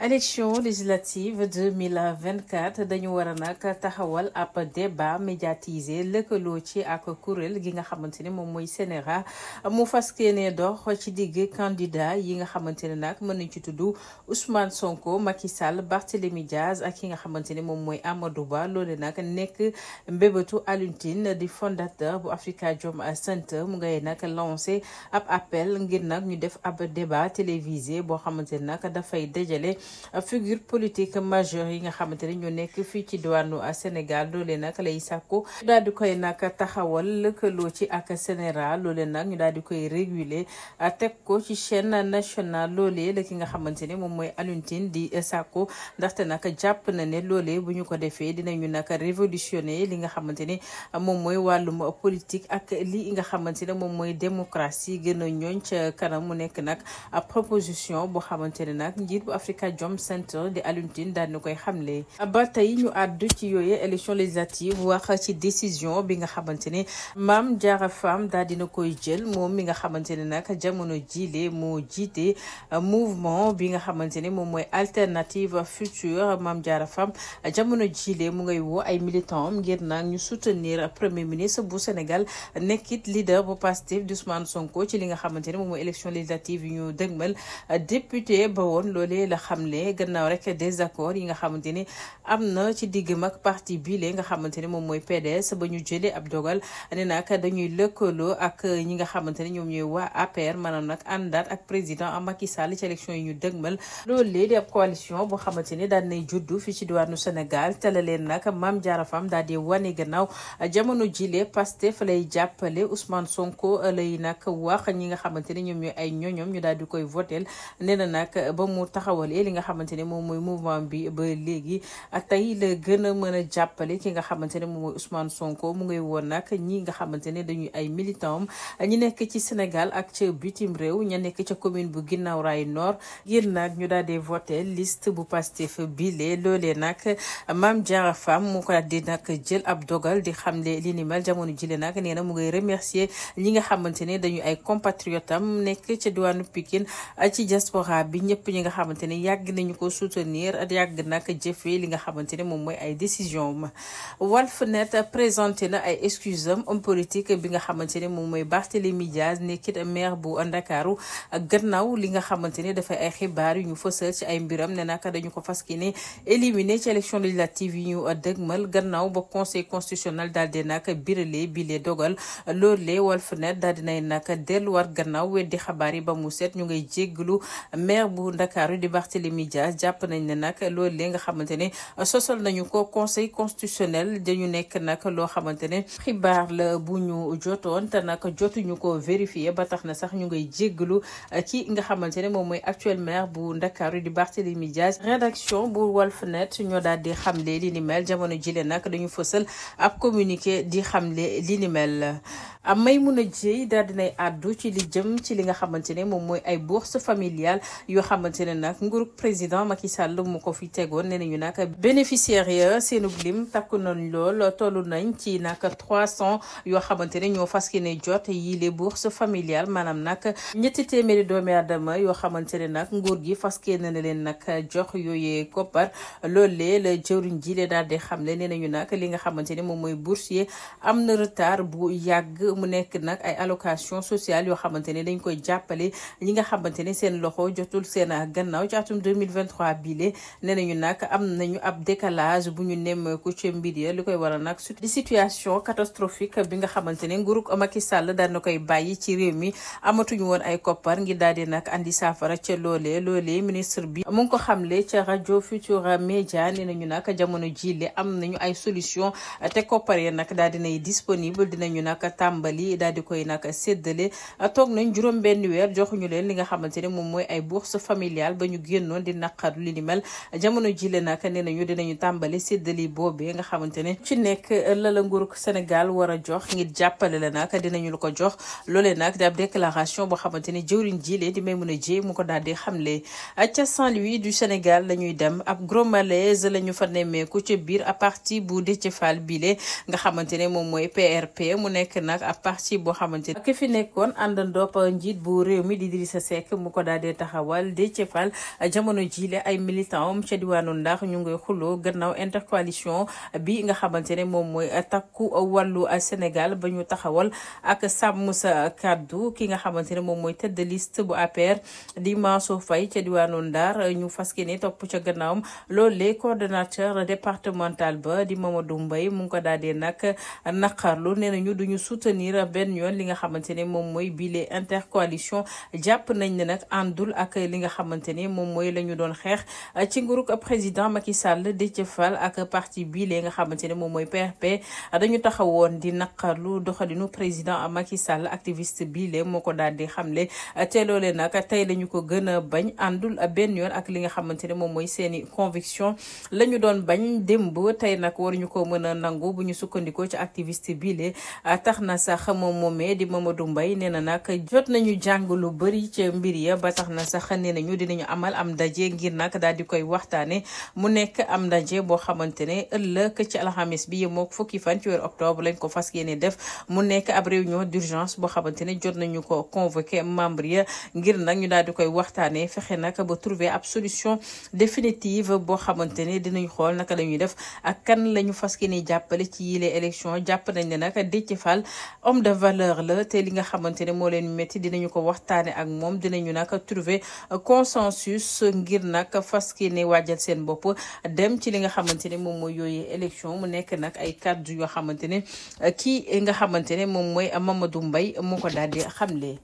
élection législative 2024 dañu war a nag taxawal ab débat médiatisé lëkkaloo ci ak kuréel gi nga xamante ne moom mooy CNRA mu fas yéene dox ci digg candidat yi nga xamante ne nag mën nañ ci tudd Ousmane Sonko Macky Sall Barthélémy Diaz ak ki nga xamante ne moom mooy Amadou Ba loole nag nekk mbébétu Alioune di fondateur bu Africa Jom Center mu ngay nag lancé ab appel ngir nag ñu def ab débat télévisé boo xamante ne nag dafay dajale figure politique majeure yi nga xamante ne ñu nekk fii ci diwaanu Sénégal loolee nag lay sàkku daal di koy nag taxawal lëkkaloo ci ak Sénéral loolee nag ñu daal di koy réguler teg ko ci chaîne nationale loole la ki nga xamante ne moom mooy Alioune Tine di sàkku ndaxte nag jàpp na ne loolee bu ñu ko defee dinañu nag révolutionner li nga xamante ne moom mooy wàllum politique ak li nga xamante ne moom mooy démocratie gën a ñooñ ca kanam mu nekk nag proposition boo xamante ne njiit bu Africa Jom Center di Alioune Tine daal di koy xamle ba tey ñu àddu wax ci décision bi nga xamante ne Mame Diarra Fam daal dina koy jël moom mi nga xamante ne nag jamono jiile moo jiite euh, mouvement bi nga xamante ne moom mooy alternative future Mame Diarra Fam jamono jiile mu ngay woo ay militants ngir nag ñu soutenir premier ministre bu Sénégal nekkit leader bu Pastef di Ousmane Sonko ci li nga xamante ne moom mooy élection législative yu ñu dëgmal député ba woon loolee la xam xamle gannaaw rek désaccord yi nga xamante ni am na ci digg mag parti bile nga xamante ni moom mooy PDS ba ñu jëlee ab dogal ne nag dañuy lëkkaloo ak ñi nga xamante ni ñoom ñooy waa APR maanaam nag àndaat ak président Macky Sall ci élection yi ñu dëgmal loolu di ab coalition boo xamante ni daan nay juddu fii ci diwaanu Sénégal tala leen nag maam Diarra Fam daal di wane gannaaw jamono jile Pastef lay jàppale Ousmane Sonko lay nag wax ñi nga xamante ni ñoom ñooy ay ñoñom ñu daal di koy votel nee na nag ba mu taxawalee nga xamante ne moom mooy mouvement bi ba léegi tey la gën a mën jàppale ki nga xamante ne moom mooy Ousmane Sonko mu ngay woon nag ñi nga xamante ne dañuy ay militant am nekk ci Sénégal ak ca bitim réew ña nekk ca commune bu Guinaw Rail Nord ngir nag ñu daal di voté liste bu Pastef bile loolee nag Mame Diarra Fam mu ko di nag jël ab dogal di xamle li ni mel jamono jile nag ne dañuy ay compatriotam nekk ca diwaanu Pikine ci diaspora bi ñëpp ñi nga xamante yàgg yàgg nañu ko soutenir yàgg nag jëfee li nga xamante ne moom mooy ay décision am Walf Net présenté na ay excuse am homme politique bi nga xamante ne moom mooy Barthélémy Diaz nekkit maire bu Ndakaaru gannaaw li nga xamante ne dafay ay xibaar yu ñu fësal ci ay mbiram ne nag dañu ko fas yéene éliminé ci élection législative yi ñu dëgmal gannaaw ba conseil constitutionnel daal di nag birale bi lee dogal loolee Walf Net daal di nay nag delluwaat gannaaw weddi xabaar yi ba mu set ñu ngay jéggalu maire bu Ndakaaru di Barthélémy Barthélemy jàpp nañ ne nag loolu li nga xamante ne sosal nañu ko conseil constitutionnel dañu nekk nag loo xamante ne xibaar la bu ñu jotoon te nag jotuñu ko vérifier ba tax na sax ñu ngay jéggalu euh, ki nga xamante ne moom mooy actuel maire bu Ndakaaru di Barthélemy Dias rédaction bu Walfnet ñoo daal di xamle li ni mel jamono jile nag dañu fësal ab communiqué di xamle li ni mel Maimouna Dieye daal dinay àddu ci li jëm ci li nga xamante ne moom mooy ay bourse familiale président Macky Sall mu ko fi tegoon nee nañu nag bénéficiaires ya seenu lim takk nañ lool toll nañ ci nag trois cent yoo xamante ne ñoo fas yéene jot yi les bourses familiales maanaam nag ñetti téeméeri doomi aadama yoo xamante ne nag nguur gi fas yéene na leen nag jox yooyee koppar loolee la jëwriñ ji le daal di xamle nee nañu nag li nga xamante ne moom mooy boursier am na retard bu yàgg mu nekk nag ay allocation sociale yoo xamante ne dañ koy jàppale ñi nga xamante ne seen loxo jotul seen gannaaw ci 2023 bile nee nañu nag am nañu ab décalage bu ñu nemmeeku ci mbir ya li koy waral nag di situation catastrophique bi nga xamante ne nguurug Macky Sall daan na koy bàyyi ci réew mi amatuñu woon ay koppar ngir daal di nag andi saafara ca loolee loolee ministre bi mu ngi ko xamle ca rajo Futura Media nee nañu nag jamono jile am nañu ay solution te koppar ya nag daal dinay disponible dinañu nag tàmbali daal di koy nag a toog nañ juróom benn weer joxuñu leen li nga xamante ne moom mooy ay bourse familiale ba ñu génnoon yoon di naqar li ni a jamono jile nag nee nañu dinañu tàmbali séddali boobee nga xamante ci nekk la la nguurug Sénégal war a jox ngir jàppale la nag dinañu la ko jox loolee nag di ab déclaration di Maimouna Dièye ko daal di xamle ca Saint-Louis du Sénégal la ñuy dem ab gros malaise la ñu fa nemmeeku ca biir à parti bu Déthié Fall bile nga xamante ne moom mooy PRP mu nekk nag ab parti boo xamante ne ki fi nekkoon àndandoo njiit bu réew mi di Idrissa Seck mu ko daal di taxawal Déthié Fall jamono jii la ay militant am ca diwaanu Ndar ñu bi nga xamante ne moom mooy takku wàllu Sénégal ba ñu taxawal ak sàmm sa kàddu ki nga xamante ne moom mooy tëdd liste bu APR di Mansour fay ca diwaanu Ndar ñu fas yéene topp ca gannaawam loolee coordonnateur départemental ba di Mamadou Mbaye mu ngi ko daal di nag naqarlu nee nañu du soutenir benn yoon li nga xamante ne moom mooy bile intercoalition moom mooy la ñu doon xeex euh, ci nguurug président Macky Sall Déthié Fall ak parti bii lee nga xamante ne moom mooy PRP dañu taxawoon di naqarlu doxalinu président Macky Sall activiste bii lee moo ko daal di xamle euh, te loolee nag tey la ñu ko gën a bañ àndul benn yoon ak li nga xamante ne moom mooy seeni conviction la ñu doon bañ démb tey nag waruñu ko mën a nangu bu ñu sukkandikoo ci activiste bi lee euh, tax na sax moom moomee di Mamadou Mbaye nee na nag jot nañu jàng lu bëri ci mbir ya ba tax na sax nee nañu dinañu amal am daj daje ngir nag daal di koy waxtaane mu nekk am ndaje boo xamante ne ëllëg ci alxamis bi yemook fukki fan ci weer octobre lañ ko fas yéene def mu nekk ab réunion boo xamante ne jot nañu ko convoqué membre ya ngir nag ñu daal di koy waxtaane fexe nag ba trouver ab solution définitive boo xamante ne dinañ xool naka la def ak kan lañu ñu fas yéene jàppale ci yile élection jàpp nañ ne nag Déthié Fall homme de valeur la te li nga xamante ne moo leen métti dinañu ko waxtaane ak moom dinañu nag trouver consensus ngir nag fas kii ne waajal seen bopp dem ci li nga xamante ne moom mooy yooyu élection mu nekk nag ay kaddu yoo xamante ne kii nga xamante ne moom mooy a Mamadou Mbaye moo ko daal di xamle.